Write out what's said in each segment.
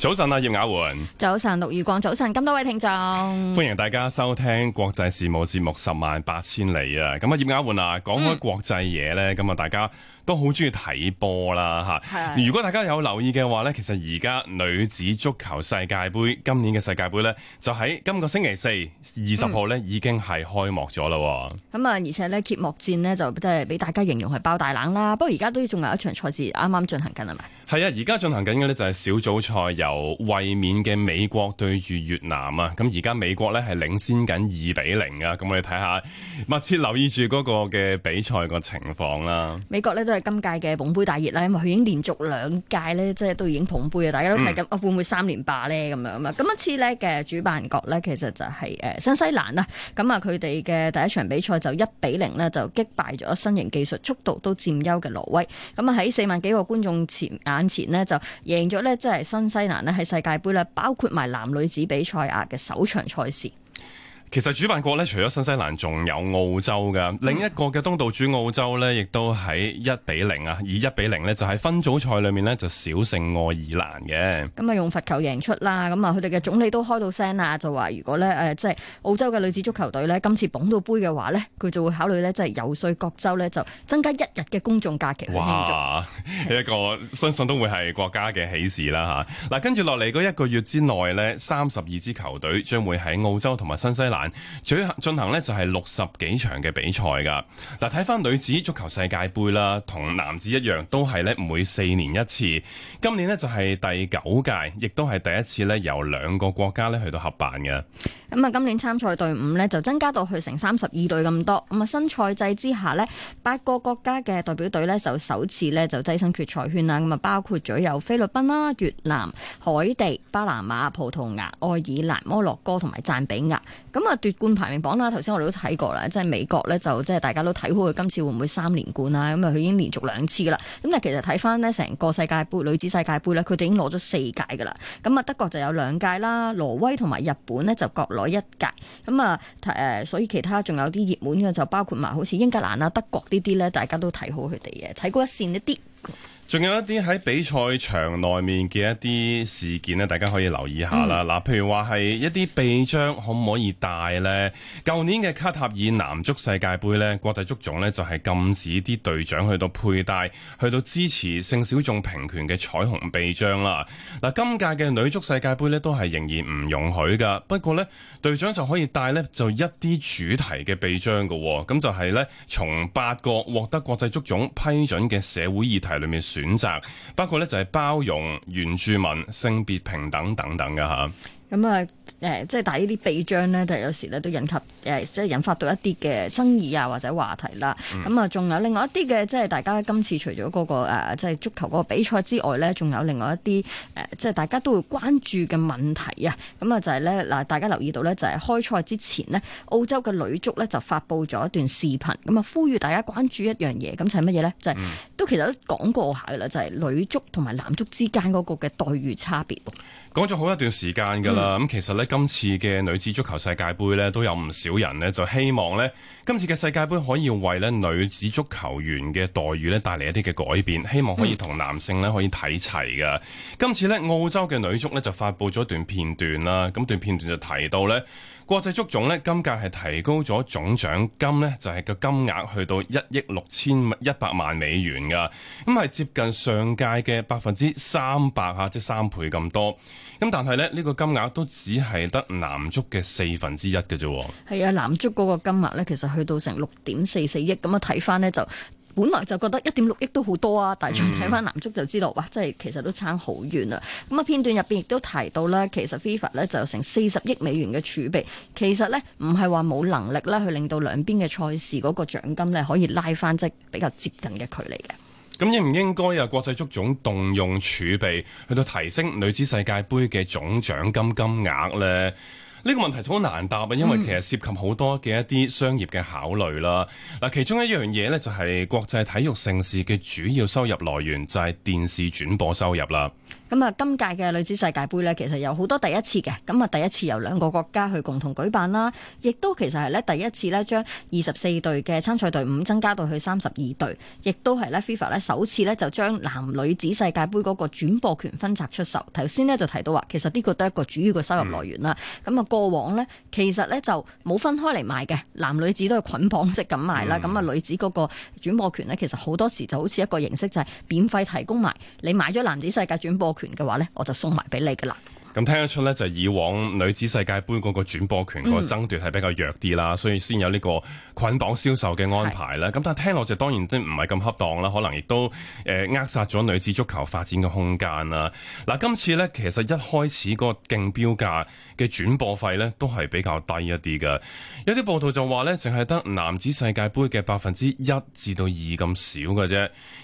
早晨啊，葉雅媛。早晨，陸如光。早晨，咁多位聽眾，歡迎大家收聽國際事務節目十萬八千里啊！咁啊，葉雅媛啊，講、嗯、開國際嘢咧，咁啊，大家。都好中意睇波啦嚇。係啊，如果大家有留意嘅話咧，其實而家女子足球世界盃今年嘅世界盃咧，就喺今個星期四二十號咧已經係開幕咗啦。咁、嗯、啊，而且咧揭幕戰呢，就即係俾大家形容係爆大冷啦。不過而家都仲有一場賽事啱啱進行緊係咪？係啊，而家進行緊嘅咧就係小組賽，由衛冕嘅美國對住越南啊。咁而家美國咧係領先緊二比零啊。咁我哋睇下密切留意住嗰個嘅比賽個情況啦、嗯。美國咧都係。今屆嘅捧杯大熱咧，因為佢已經連續兩屆咧，即係都已經捧杯啊！大家都睇緊啊，會唔會三連霸咧？咁、嗯、樣啊？咁一次咧嘅主辦國咧，其實就係誒新西蘭啦。咁啊，佢哋嘅第一場比賽就一比零咧，就擊敗咗新型技術速度都佔優嘅挪威。咁啊，喺四萬幾個觀眾前眼前呢，就贏咗咧，即係新西蘭咧喺世界杯咧，包括埋男女子比賽啊嘅首場賽事。其實主辦國呢除咗新西蘭，仲有澳洲噶。另一個嘅東道主澳洲呢，亦都喺一比零啊！以一比零呢，就喺、是、分組賽裏面呢，就小勝愛爾蘭嘅。咁、嗯、啊，用罰球贏出啦。咁、嗯、啊，佢哋嘅總理都開到聲啦，就話如果呢，誒、呃，即係澳洲嘅女子足球隊呢，今次捧到杯嘅話呢，佢就會考慮呢，即係游說各州呢，就增加一日嘅公眾假期。哇！呢一個相信都會係國家嘅喜事啦，吓。嗱，跟住落嚟嗰一個月之內呢，三十二支球隊將會喺澳洲同埋新西蘭。舉行進行呢就係六十幾場嘅比賽噶嗱，睇翻女子足球世界盃啦，同男子一樣都係呢，每四年一次。今年呢就係第九屆，亦都係第一次呢，由兩個國家呢去到合辦嘅。咁啊，今年參賽隊伍呢就增加到去成三十二隊咁多。咁啊，新賽制之下呢，八個國家嘅代表隊呢就首次呢就躋身決賽圈啦。咁啊，包括咗有菲律賓啦、越南、海地、巴拿馬、葡萄牙、愛爾蘭、摩洛哥同埋贊比亞。咁啊。奪冠排名榜啦，頭先我哋都睇過啦，即係美國呢，就即係大家都睇好佢今次會唔會三連冠啦，咁啊佢已經連續兩次噶啦，咁但係其實睇翻呢成個世界盃女子世界盃呢，佢哋已經攞咗四屆噶啦，咁啊德國就有兩屆啦，挪威同埋日本呢，就各攞一屆，咁啊誒，所以其他仲有啲熱門嘅就包括埋好似英格蘭啊、德國呢啲呢，大家都睇好佢哋嘅，睇過一線一啲。仲有一啲喺比賽場內面嘅一啲事件咧，大家可以留意下啦。嗱、嗯，譬如話，係一啲臂章可唔可以帶咧？舊年嘅卡塔爾男足世界杯咧，國際足總咧就係禁止啲隊長去到佩戴去到支持性小眾平權嘅彩虹臂章啦。嗱，今屆嘅女足世界杯咧都係仍然唔容許噶。不過咧，隊長就可以帶咧就一啲主題嘅臂章噶。咁就係、是、咧從八個獲得國際足總批准嘅社會議題裏面選選擇包括咧，就係包容原住民、性別平等等等嘅嚇。咁、嗯、啊。誒，即係但係呢啲臂章咧，就有時咧都引及誒，即係引發到一啲嘅爭議啊，或者話題啦。咁、嗯、啊，仲有另外一啲嘅，即係大家今次除咗嗰個誒，即係足球嗰個比賽之外咧，仲有另外一啲誒，即係大家都會關注嘅問題啊。咁啊，就係咧嗱，大家留意到咧，就係開賽之前呢，澳洲嘅女足咧就發布咗一段視頻，咁啊，呼籲大家關注一樣嘢。咁就係乜嘢咧？就係都其實都講過下噶啦，就係、是、女足同埋男足之間嗰個嘅待遇差別。講咗好一段時間㗎啦。咁、嗯、其實今次嘅女子足球世界杯咧，都有唔少人呢就希望呢今次嘅世界杯可以為咧女子足球員嘅待遇呢帶嚟一啲嘅改變，希望可以同男性呢可以睇齊嘅、嗯。今次呢澳洲嘅女足呢就發布咗一段片段啦，咁段片段就提到呢國際足總咧今屆係提高咗總獎金咧，就係、是、個金額去到一億六千一百萬美元噶，咁、嗯、係接近上屆嘅百分之三百嚇，即係三倍咁多。咁、嗯、但係咧呢、這個金額都只係得男足嘅四分之一嘅啫。係啊，男足嗰個金額咧，其實去到成六點四四億咁啊，睇返咧就。本來就覺得一點六億都好多啊，但係再睇翻男足就知道哇，即係其實都差好遠啦。咁啊，片段入邊亦都提到啦，其實 FIFA 咧就有成四十億美元嘅儲備，其實呢，唔係話冇能力咧去令到兩邊嘅賽事嗰個獎金呢可以拉翻即比較接近嘅距離嘅。咁應唔應該啊國際足總動用儲備去到提升女子世界盃嘅總獎金金額呢？呢、呢個問題就好難答啊，因為其實涉及好多嘅一啲商業嘅考慮啦。嗱、嗯，其中一樣嘢呢，就係國際體育盛事嘅主要收入來源就係、是、電視轉播收入啦。咁、嗯、啊，今屆嘅女子世界盃呢，其實有好多第一次嘅。咁啊，第一次由兩個國家去共同舉辦啦，亦都其實係咧第一次咧將二十四隊嘅參賽隊伍增加到去三十二隊，亦都係呢 FIFA 咧首次呢就將男女子世界盃嗰個轉播權分拆出售。頭先呢就提到話，其實呢個都係一個主要嘅收入來源啦。咁、嗯、啊～、嗯過往呢，其實呢就冇分開嚟賣嘅，男女子都係捆綁，綁式咁賣啦。咁啊，女子嗰個轉播權呢，其實好多時就好似一個形式，就係、係、免費提供埋。你買咗男子世界轉播權嘅話呢，我就送埋俾你噶啦。咁聽得出咧，就係、以往女子世界盃嗰個轉播權個爭奪係比較弱啲啦，所以先有呢個捆綁銷售嘅安排啦，咁但係聽落就當然都唔係咁恰當啦，可能亦都誒、呃、扼殺咗女子足球發展嘅空間啦。嗱、啊，今次咧其實一開始個競標價嘅轉播費咧都係比較低一啲嘅。有啲報道就話咧，淨係得男子世界盃嘅百分之一至到二咁少嘅啫。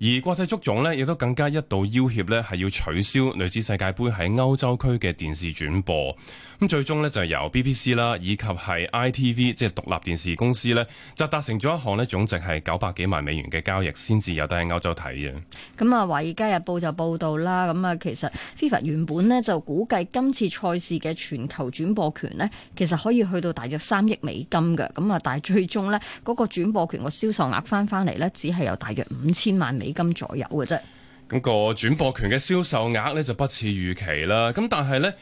而國際足總咧亦都更加一度要挾咧，係要取消女子世界盃，喺歐洲區嘅。嘅電視轉播，咁最終呢就係由 BBC 啦，以及係 ITV 即係獨立電視公司呢，就達成咗一項呢總值係九百幾萬美元嘅交易，先至有得喺歐洲睇嘅。咁啊，《華爾街日報》就報道啦，咁啊其實 FIFA 原本呢就估計今次賽事嘅全球轉播權呢，其實可以去到大約三億美金嘅，咁啊，但係最終呢，嗰個轉播權個銷售額翻翻嚟呢，只係有大約五千萬美金左右嘅啫。咁、那個轉播權嘅銷售額咧就不似預期啦。咁但係咧，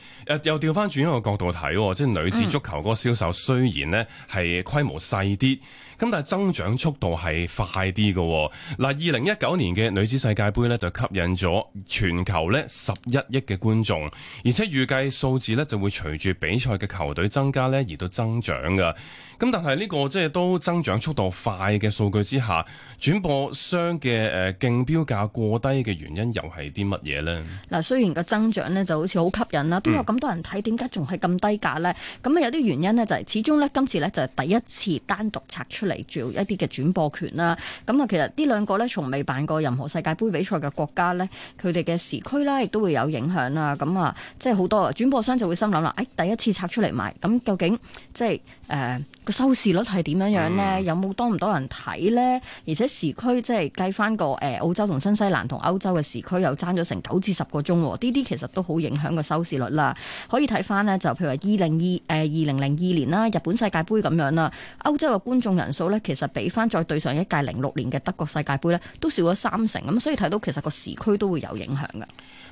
又調翻轉一個角度睇，即係女子足球嗰個銷售雖然咧係規模細啲。咁但係增長速度係快啲喎。嗱，二零一九年嘅女子世界杯呢，就吸引咗全球呢十一億嘅觀眾，而且預計數字呢就會隨住比賽嘅球隊增加呢而到增長㗎。咁但係呢個即係都增長速度快嘅數據之下，轉播商嘅誒競標價過低嘅原因又係啲乜嘢呢？嗱，雖然個增長呢就好似好吸引啦，都有咁多人睇，點解仲係咁低價呢？咁啊有啲原因呢，就係始終呢，今次呢就係第一次單獨拆出。嚟做一啲嘅轉播權啦，咁啊，其實呢兩個呢，從未辦過任何世界盃比賽嘅國家呢，佢哋嘅時區啦，亦都會有影響啦，咁啊，即係好多啊，轉播商就會心諗啦，誒，第一次拆出嚟賣，咁究竟即係誒個收視率係點樣樣呢？有冇多唔多人睇呢？嗯，而且時區即係計翻個誒澳洲同新西蘭同歐洲嘅時區又爭咗成九至十個鐘，呢啲其實都好影響個收視率啦。可以睇翻呢，就譬如話二零二誒二零零二年啦，日本世界盃咁樣啦，歐洲嘅觀眾人數咧，其實比翻再對上一屆零六年嘅德國世界杯咧，都少咗三成咁，所以睇到其實個時區都會有影響嘅。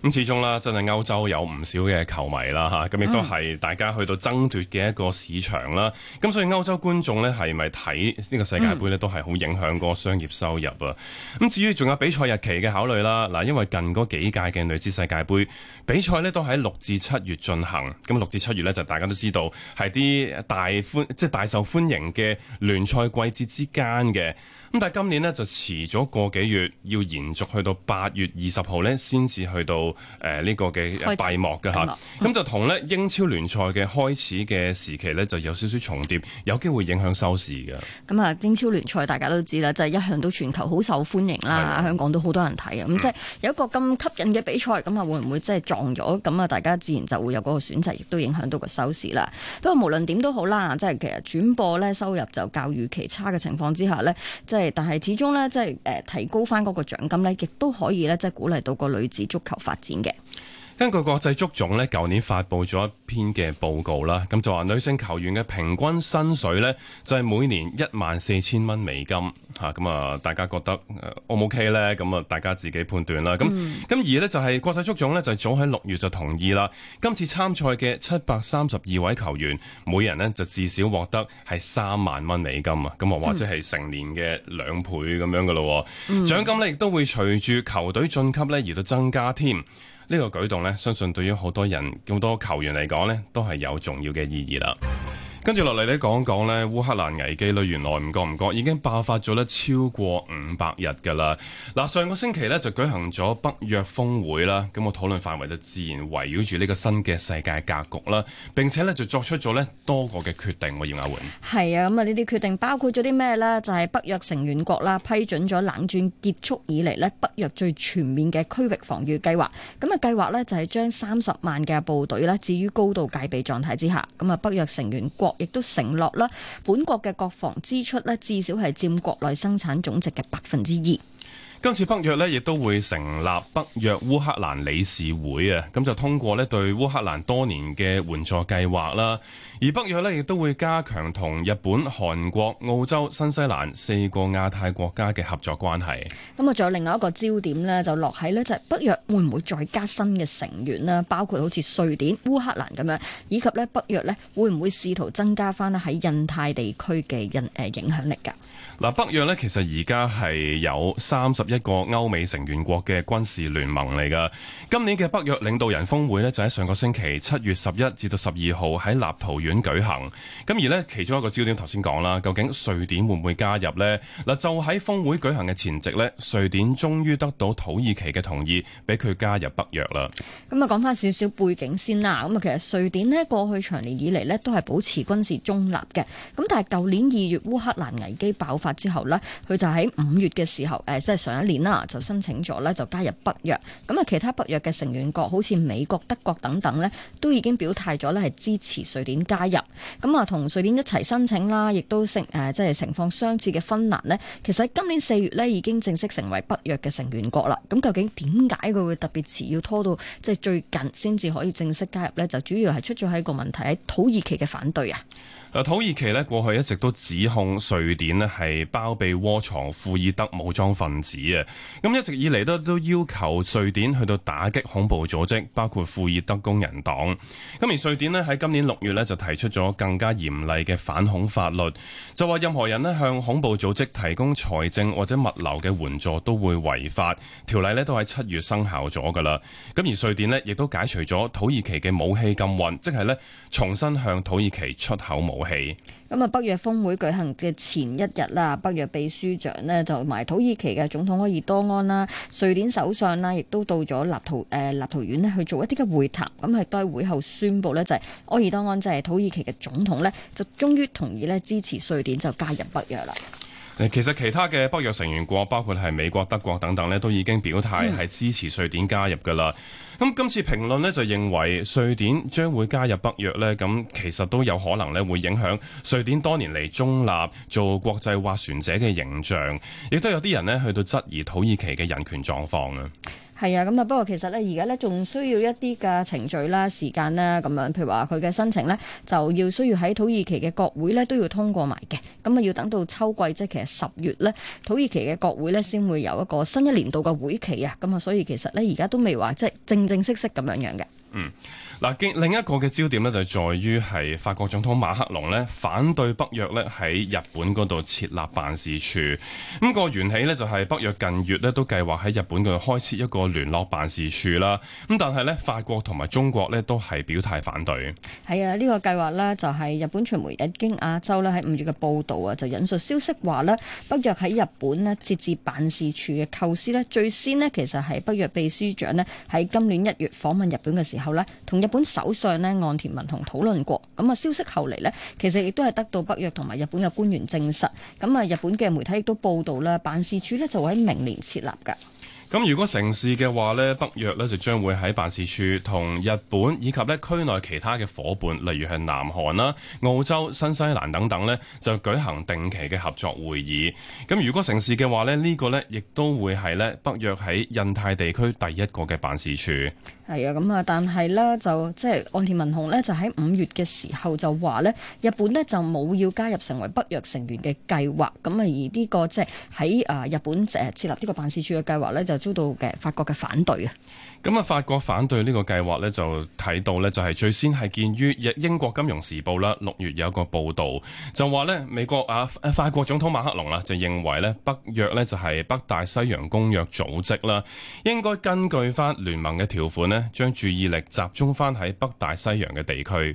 咁始終啦，真係歐洲有唔少嘅球迷啦，吓，咁亦都係大家去到爭奪嘅一個市場啦。咁所以歐洲觀眾呢，係咪睇呢個世界杯呢，都係好影響個商業收入啊。咁至於仲有比賽日期嘅考慮啦，嗱，因為近嗰幾屆嘅女子世界杯比賽呢，都喺六至七月進行，咁六至七月呢，就大家都知道係啲大歡即係大受歡迎嘅聯賽。季節之間嘅。咁但係今年呢，就遲咗個幾月，要延續到去到八月二十號呢，先至去到誒呢個嘅閉幕嘅嚇。咁就同呢英超聯賽嘅開始嘅時期呢，就有少少重疊，有機會影響收視嘅。咁、嗯、啊，英超聯賽大家都知啦，就係、是、一向都全球好受歡迎啦，香港都好多人睇嘅。咁即係有一個咁吸引嘅比賽，咁啊會唔會即係撞咗？咁啊大家自然就會有嗰個選擇，亦都影響到個收視啦。不過無論點都好啦，即、就、係、是、其實轉播呢，收入就較預期差嘅情況之下呢。即係。但係始終咧，即係誒，提高翻嗰個獎金咧，亦都可以咧，即係鼓勵到個女子足球發展嘅。根據國際足總咧，舊年發佈咗一篇嘅報告啦，咁就話女性球員嘅平均薪水咧，就係、是、每年一萬四千蚊美金，吓、啊、咁啊，大家覺得 O 唔、啊、OK 咧？咁啊，大家自己判斷啦。咁、嗯、咁而呢，就係、是、國際足總咧，就是、早喺六月就同意啦。今次參賽嘅七百三十二位球員，每人呢就至少獲得係三萬蚊美金啊！咁或或者係成年嘅兩倍咁樣噶咯，獎、嗯、金呢，亦都會隨住球隊晉級咧而到增加添。呢個舉動咧，相信對於好多人、咁多球員嚟講咧，都係有重要嘅意義啦。跟住落嚟，你講講講咧烏克蘭危機咧，原來唔覺唔覺已經爆發咗咧超過五百日㗎啦。嗱，上個星期咧就舉行咗北約峰會啦，咁我討論範圍就自然圍繞住呢個新嘅世界格局啦。並且咧就作出咗呢多個嘅決定。我葉亞榮係啊，咁啊呢啲決定包括咗啲咩呢？就係、是、北約成員國啦批准咗冷戰結束以嚟呢北約最全面嘅區域防禦計劃。咁、那、啊、個、計劃呢就係將三十萬嘅部隊呢，置於高度戒備狀態之下。咁啊北約成員國。亦都承諾啦，本國嘅國防支出咧，至少係佔國內生產總值嘅百分之二。今次北約咧，亦都會成立北約烏克蘭理事會啊，咁就通過呢對烏克蘭多年嘅援助計劃啦。而北約呢，亦都會加強同日本、韓國、澳洲、新西蘭四個亞太國家嘅合作關係。咁啊，仲有另外一個焦點呢，就落喺呢就係、是、北約會唔會再加新嘅成員啦？包括好似瑞典、烏克蘭咁樣，以及呢北約呢會唔會試圖增加翻呢喺印太地區嘅印誒影響力噶？嗱，北約其實而家係有三十一個歐美成員國嘅軍事聯盟嚟噶。今年嘅北約領導人峰會呢，就喺上個星期七月十一至到十二號喺立陶宛舉行。咁而呢，其中一個焦點頭先講啦，究竟瑞典會唔會加入呢？嗱，就喺峰會舉行嘅前夕呢，瑞典終於得到土耳其嘅同意，俾佢加入北約啦。咁啊，講翻少少背景先啦。咁啊，其實瑞典呢，過去長年以嚟呢，都係保持軍事中立嘅。咁但係舊年二月烏克蘭危機爆。法之後呢，佢就喺五月嘅時候，誒，即係上一年啦，就申請咗咧，就加入北約。咁啊，其他北約嘅成員國好似美國、德國等等呢，都已經表態咗咧係支持瑞典加入。咁啊，同瑞典一齊申請啦，亦都成誒，即係情況相似嘅芬蘭呢，其實今年四月呢，已經正式成為北約嘅成員國啦。咁究竟點解佢會特別遲要拖到即係最近先至可以正式加入呢？就主要係出咗喺一個問題喺土耳其嘅反對啊。土耳其呢，過去一直都指控瑞典呢係包庇窩藏庫爾德武裝分子啊，咁一直以嚟都都要求瑞典去到打擊恐怖組織，包括庫爾德工人黨。咁而瑞典呢，喺今年六月呢，就提出咗更加嚴厲嘅反恐法律，就話任何人呢，向恐怖組織提供財政或者物流嘅援助都會違法。條例呢，都喺七月生效咗㗎喇。咁而瑞典呢，亦都解除咗土耳其嘅武器禁運，即係呢，重新向土耳其出口武。係咁啊！北約峰會舉行嘅前一日啦，北約秘書長呢就同埋土耳其嘅總統埃爾多安啦、瑞典首相啦，亦都到咗立陶誒立陶宛呢去做一啲嘅會談。咁係待會後宣布呢，就係埃爾多安就係土耳其嘅總統呢，就終於同意呢支持瑞典就加入北約啦。其實其他嘅北約成員國，包括係美國、德國等等咧，都已經表態係支持瑞典加入噶啦。咁今次評論咧就認為瑞典將會加入北約咧，咁其實都有可能咧會影響瑞典多年嚟中立做國際劃船者嘅形象，亦都有啲人咧去到質疑土耳其嘅人權狀況啊。係啊，咁啊，不過其實咧，而家咧仲需要一啲嘅程序啦、時間啦咁樣，譬如話佢嘅申請咧，就要需要喺土耳其嘅國會咧都要通過埋嘅，咁啊要等到秋季，即係其實十月咧，土耳其嘅國會咧先會有一個新一年度嘅會期啊，咁啊，所以其實咧而家都未話即係正正式式咁樣樣嘅。嗯。嗱，另一個嘅焦點呢，就係在於係法國總統馬克龍咧反對北約咧喺日本嗰度設立辦事處。咁個源起呢，就係北約近月咧都計劃喺日本度開設一個聯絡辦事處啦。咁但係呢，法國同埋中國呢，都係表態反對。係啊，呢個計劃呢，就係日本傳媒《日經亞洲》咧喺五月嘅報導啊，就引述消息話呢北約喺日本咧設置辦事處嘅構思呢，最先呢，其實係北約秘書長呢，喺今年一月訪問日本嘅時候呢同日日本首相呢岸田文雄討論過，咁啊消息後嚟呢，其實亦都係得到北約同埋日本嘅官員證實，咁啊日本嘅媒體亦都報道啦，辦事處呢就會喺明年設立噶。咁如果成事嘅話咧，北約咧就將會喺辦事處同日本以及咧區內其他嘅夥伴，例如係南韓啦、澳洲、新西蘭等等咧，就舉行定期嘅合作會議，咁如果成事嘅話咧，呢個咧亦都會係咧北約喺印太地區第一個嘅辦事處，係啊，咁啊，但係咧就即係岸田文雄咧就喺五月嘅時候就話咧，日本咧就冇要加入成為北約成員嘅計劃，咁啊而呢個即係喺啊日本誒設立呢個辦事處嘅計劃咧就。遭到嘅法國嘅反對啊。咁啊，法國反對呢個計劃咧，就睇到咧，就係最先係見於英英國金融時報啦。六月有一個報導，就話咧，美國啊，法國總統馬克龍啊，就認為咧，北約咧就係北大西洋公約組織啦，應該根據翻聯盟嘅條款咧，將注意力集中翻喺北大西洋嘅地區。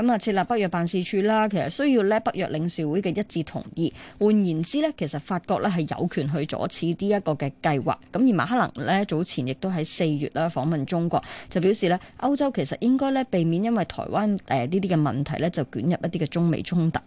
咁啊，設立北約辦事處啦，其實需要咧北約理事會嘅一致同意。換言之咧，其實法國咧係有權去阻止呢一個嘅計劃，咁而馬克龍咧早前亦都喺四月啦訪問中國，就表示咧歐洲其實應該咧避免因為台灣誒呢啲嘅問題咧就捲入一啲嘅中美衝突。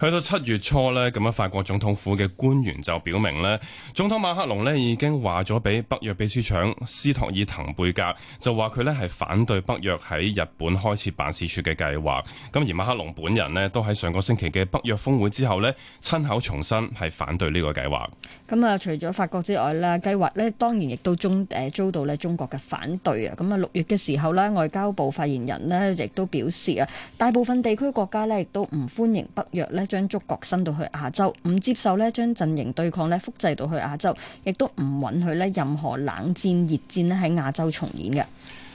去到七月初呢，咁啊，法國總統府嘅官員就表明呢，總統馬克龍呢已經話咗俾北約秘書長斯托爾滕貝格，就話佢呢係反對北約喺日本開設辦事處嘅計劃，咁而馬克龍本人呢都喺上個星期嘅北約峰會之後呢，親口重申係反對呢個計劃，咁啊，除咗法國之外咧，計劃呢當然亦都中誒遭到咧中國嘅反對啊。咁啊，六月嘅時候咧，外交部發言人呢亦都表示啊，大部分地區國家呢亦都唔歡迎北約呢將觸角伸到去亞洲，唔接受咧將陣營對抗咧複製到去亞洲，亦都唔允許咧任何冷戰熱戰咧喺亞洲重演嘅。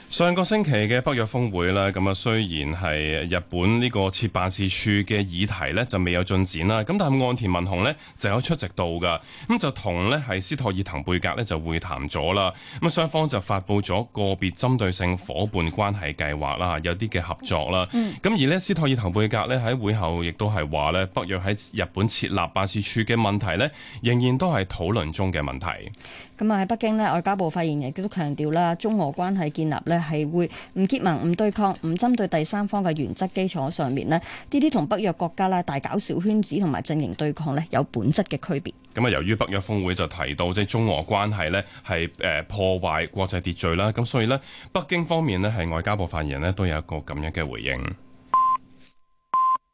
上個星期嘅北約峰會啦，咁啊雖然係日本呢個設辦事處嘅議題咧就未有進展啦，咁但係岸田文雄咧就有出席到噶，咁就同咧係斯托爾滕貝格咧就會談咗啦，咁啊雙方就發布咗個別針對性伙伴關係計劃啦，有啲嘅合作啦，咁、嗯、而咧斯托爾滕貝格咧喺會後亦都係話咧北約喺日本設立辦事處嘅問題咧仍然都係討論中嘅問題。咁啊喺北京咧外交部發言人亦都強調啦，中俄關係建立咧。係會唔結盟、唔對抗、唔針對第三方嘅原則基礎上面咧，呢啲同北約國家啦，大搞小圈子同埋陣營對抗呢，有本質嘅區別。咁啊，由於北約峰會就提到即係中俄關係呢係誒破壞國際秩序啦，咁所以呢，北京方面呢係外交部發言人咧都有一個咁樣嘅回應。